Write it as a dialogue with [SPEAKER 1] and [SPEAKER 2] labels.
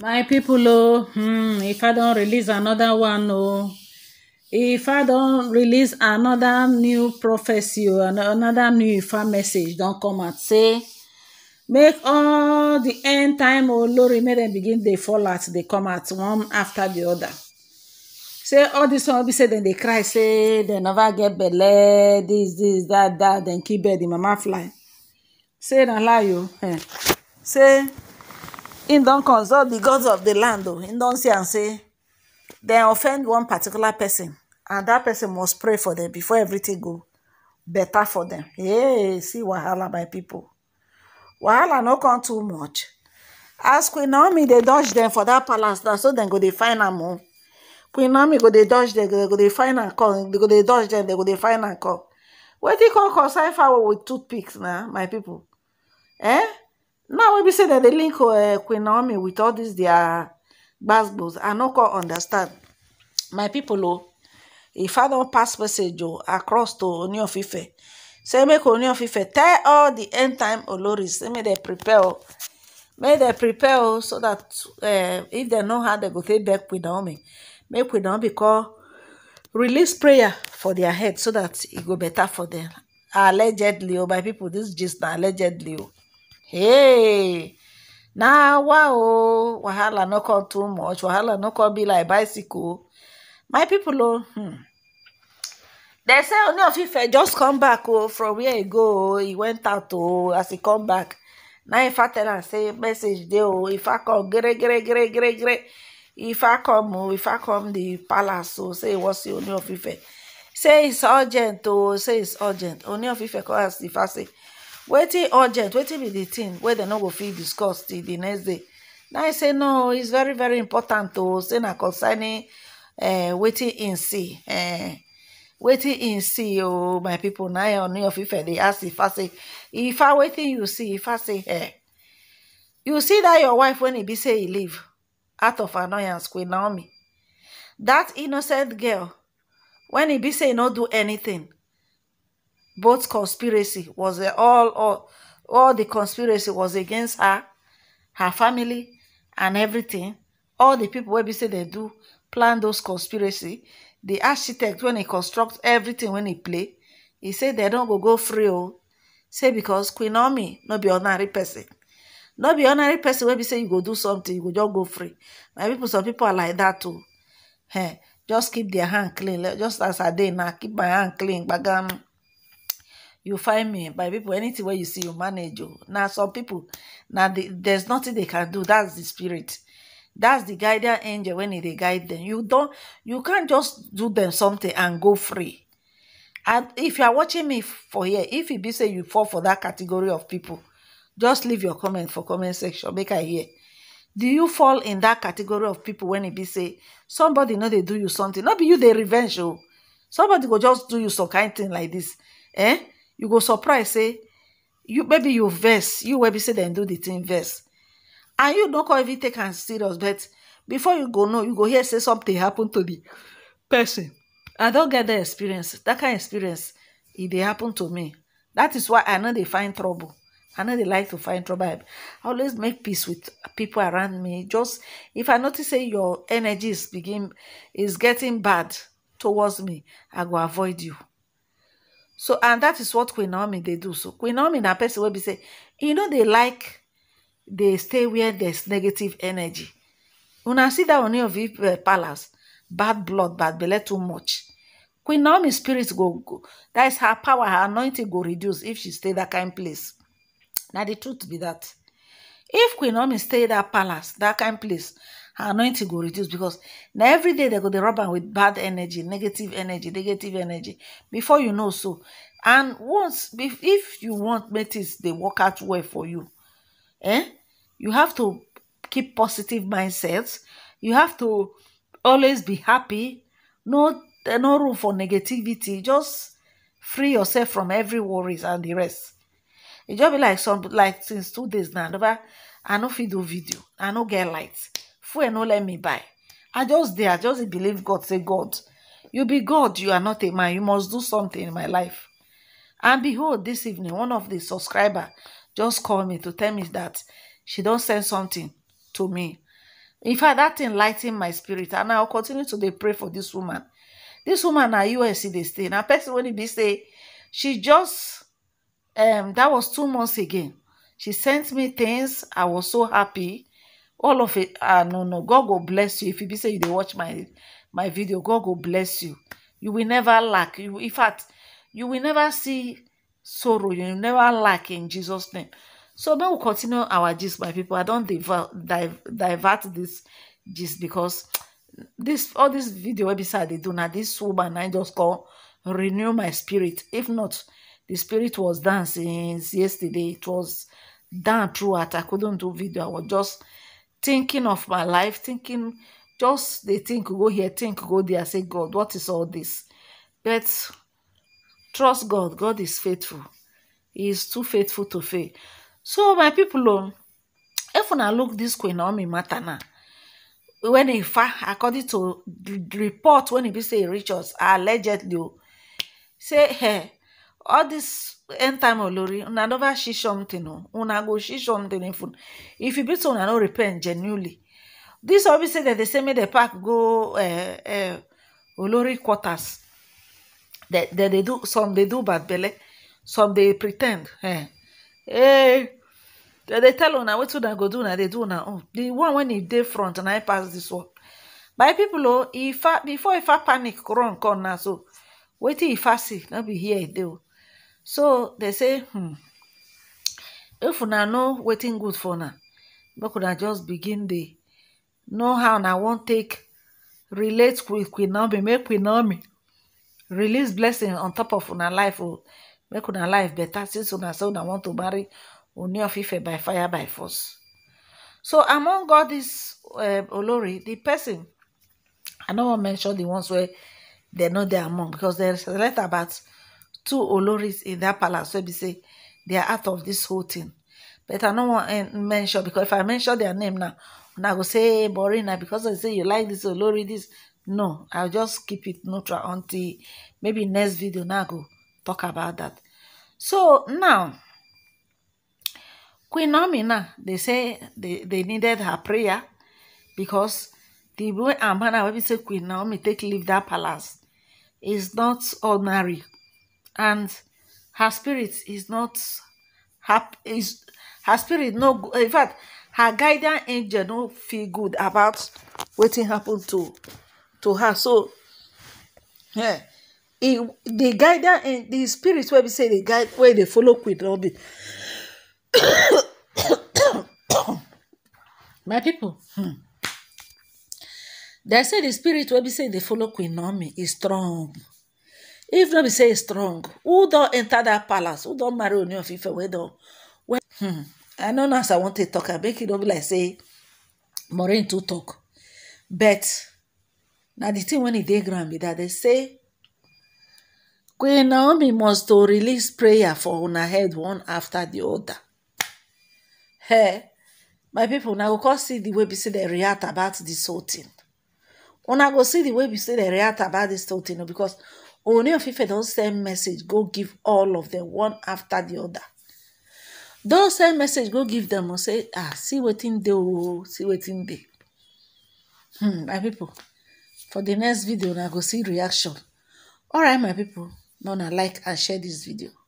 [SPEAKER 1] my people oh hmm, I don't release another one oh if I don't release another new prophecy oh another new Ifa message don't come and say make all the end time oh olori make them begin They fall out They come out one after the other say all this one be say then they cry say they never get belle this this that that Then keep bird the mama fly say na lie you. Oh, eh. say him don consult the gods of the land o oh. him don see and say they offend one particular person and that person must pray for them before everything go better for them. hey see wahala by pipo wahala no come too much as queen naomi they dodge them for that palace That so then go they find them, o oh. queen naomi go they dodge them, go they find am come go they dodge them, go they find am come do you call fawo with toothpicks now, my people? eh now we say that the link uh, queen naomi with all these their gbasgbos i no can understand my people, oh, if i don't pass message o oh, across to oni Fife, say make oni of tell all the end time oloris say make they prepare o oh. make they prepare oh, so that eh, if they know how they go take back queen naomi make queen naomi call release prayer for their head so that it go better for them. allegedly oh, my people, this just na allegedly oh. hey nawa oo wahala no come too much wahala no come be like bicycle o my people o dem hmm. say oni ife just come back o from where e go o e went out o as e come back na ifa tell am say message dey o ifa come gere gere gere gere gree ifa come o ifa come di palace o say e wan see of ife say e urgent o say e urgent oni ife come as ifa say. Waiting urgent waiting with the tin where they no go feel discuss till di next day now I say no it's very very important to say na concerning eh, waiting in see eh in im see o oh, my people. Now im oni of they ask ask I say if I waiting you see if I say eh you see that your wife when he be say he leave out of annoyance queen naomi that innocent girl when he be say e no do anything both conspiracy was eh, all all all the conspiracy was against her her family and everything all the people where we say they do plan those conspiracy the architect when he construct everything when he play he say don't go go free Oh, say because queen omi no be ordinary person no be ordinary person where be say you go do something you go just go free my people some people are like that too. Oh. hey, just keep their hand clean just as i did now keep my hand clean gbagam you find me by people anything where you see you manage o oh. Now some people na there's nothing they can do that's the spirit that's the guardian angel when they guide them you don't. you can't just do them something and go free and if you are watching me for here if it be say you fall for that category of people just leave your comment for comment section make i hear do you fall in that category of people when it be say somebody know they do you something Not be you they revenge you oh. somebody will just do you some kind thing like this eh you go surprise say you maybe you verse, you maybe be say then do the thing verse, and you don't call everything take serious but before you go know you go hear say something happen to the person i don't get that experience that kind experience it dey happen to me that is why i know they find trouble i know they like to find trouble i always make peace with people around me just if i notice say your energy is begin is getting bad towards me i go avoid you so and that is what queen naomi they do so queen naomi a person will be say you know they like they stay where there's negative energy una see dat one of if palace bad blood bad belle too much queen naomi spirit go go that is her power her anointing go reduce if she stay that kind place Now the truth be that if queen naomi stay that palace that kind place her anointing go reduce because now every day they go dey rub am with bad energy negative energy negative energy before you know so and once if you want make they work out well for you eh you have to keep positive mindsets. you have to always be happy no eh, no room for negativity just free yourself from every worries and the rest e just be like some like since two days now i no feel do video i no get lights fuel no let me buy i just there, i just believe god say god you be god you are not a man you must do something in my life and behold this evening one of the subscriber just call me to tell me that she don't send something to me in fact that enlightened my spirit and i'll continue to pray for this woman This woman na usc dey stay na person wey be say she just um that was two months again she sent me things i was so happy all of it ah no no god go bless you if you be say you dey watch my my video god go bless you you will never lack you in fact you will never see sorrow you will never lack in jesus name so may we continue our gist my people i don't don divert this gist because this all this video website they do na This woman i just call renew my spirit if not the spirit was done since yesterday it was done throughout i couldn't do video i was just thinking of my life, thinking, just they think go here, think go there, say, God, what is all this? But trust God, God is faithful. He is too faithful to fail. So, my people, oh, if if I look this Queen Naomi matter now, when in fact, according to the report, when he be say reach us, allegedly, oh, say, hey, eh, all this end time olori una never see something o una go see something if if you beat una no repent genuinely This always say they say me, dem pack go eh, eh, olori quarters That they do some they do bad belle some they pretend eh eh dem dey tell una wetin to go do now. they do una Oh, the one when he day front and I pass this one my oh, if o before ifa panic run come na so wetin ifa see be here e dey oh so they say hmm if una no waiting good for but could I just begin the, know how won't take relate with queen naomi make queen naomi release blessing on top of una life or oh, make una life better since una so una want to marry oni of ife by fire by force so among all is um, olori the person i no wan mention the ones where they know they are among there's a letter about two oloris in that palace So we say they are out of this whole thing but i no to eh, mention because if i mention their name now I go say boring because i say you like this olori no i'll just keep it neutral until maybe next video now go talk about that so now queen Amina, they say they needed her prayer because the boy and I will be say queen naomi take leave that palace is not ordinary and her spirit is not happy is her spirit no in fact her guardian angel no feel good about wetin happen to to her so yeah e the guardian and the spirit wey be say the guide wey dey follow queen naomi my people hmm. dem say the spirit wey be say dey follow queen naomi e strong if no be say strong who don enter that palace who don marry oni of ife wey don wey hmm i no know as i wan take talk am make e no be like say maureen too talk but na the thing when e dey ground be that they say queen naomi must to release prayer for una head one after the other hey my pipo una go come see the way be say dem react about this whole thing una go see the way be say dem react about this whole thing because Ooni of Ife don send message go give all of them one after the other. Don send message go give them and say, ah, see wetin dey oo, see wetin dey. Hmm, my people, for the next video, I go see reaction. Alright, my people, una like and share this video.